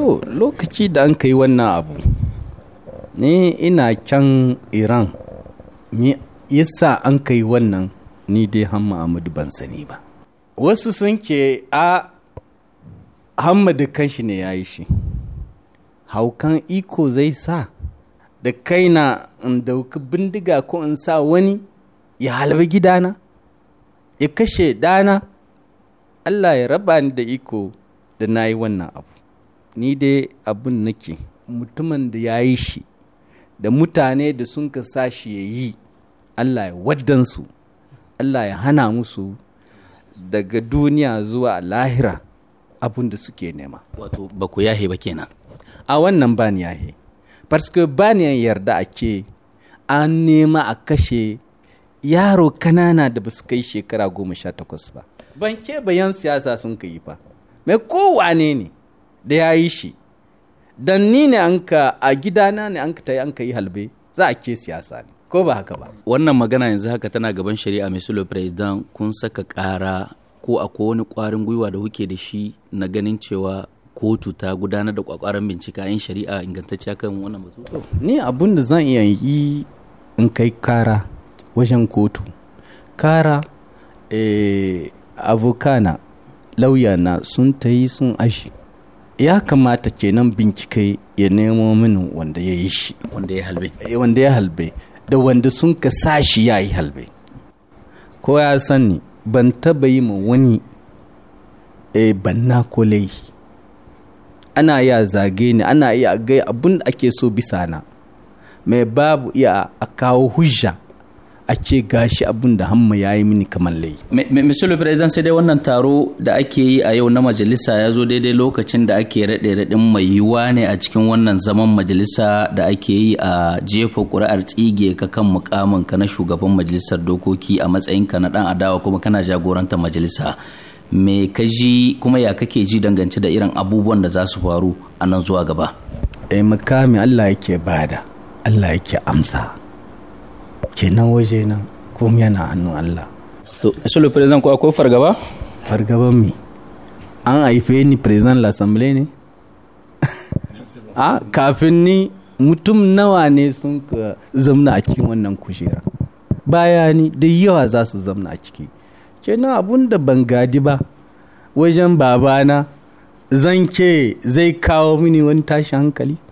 to lokaci da an kai wannan abu ni ina can iran yasa an kai wannan ni dai hamma amadu ban sani ba wasu sun ce a hamadu kanshi ne ya yi shi haukan iko zai sa da kaina in dauki bindiga ko in sa wani ya halbi gidana ya kashe dana allah ya raba ni da iko da na yi wannan abu ni dai abin nake mutumin da ya yi shi da mutane da sun ka sa shi ya yi allah ya waddansu allah ya hana musu daga duniya zuwa lahira abin da suke nema wato ba ku yahe ba kenan a wannan ba ni yahe parce ba ni yarda ake an nema a kashe yaro kanana da ba su kai shekara goma sha takwas ba ban ke bayan siyasa sun ka yi ba mai kowane ne da ya yi shi don ni ne an ka a gidana ne an ka ta yi an ka yi halbe za a ke siyasa ne ko ba haka ba wannan magana yanzu haka tana gaban shari'a mai sulo president kun saka ƙara ko akwai wani ƙwarin gwiwa da kuke da shi na ganin cewa kotu ta gudanar da kwakwaran bincika in shari'a ingantacciya kan wannan batu ni abun da zan iya yi in kai kara wajen kotu kara eh, avokana lauyana sun ta yi sun ashe ya kamata kenan bincike ya nemo min wanda ya yi shi eh, wanda ya halbe da wanda sun ka sa shi ya yi halbe ko ya sani ban taba yi ma wani e banna ko laihi ana iya zage ni ana iya gai abun da ake so bisa na mai babu iya a kawo hujja a ce gashi abin da hamma ya yi mini kamar lai. Mr. Le sai dai wannan taro da ake yi a yau na majalisa ya zo daidai lokacin da ake raɗe raɗin mai yiwuwa ne a cikin wannan zaman majalisa da ake yi a jefa ƙuri'ar tsige ka kan mukamin ka na shugaban majalisar dokoki a matsayin ka na ɗan adawa kuma kana jagorantar majalisa. Me ka ji kuma ya kake ji dangance da irin abubuwan da za su faru a nan zuwa gaba? Eh mukami Allah yake bada, Allah yake amsa. kenan waje nan komai yana hannun Allah to le president ko akwai fargaba fargaban mi an haife ni president l'assemblée ne Ah, kafin ni mutum nawa ne sun ka zamna a cikin wannan kujera ni da yawa za su zamna a ciki ce abun da ban gadi ba wajen babana zan ce zai kawo mini wani tashi hankali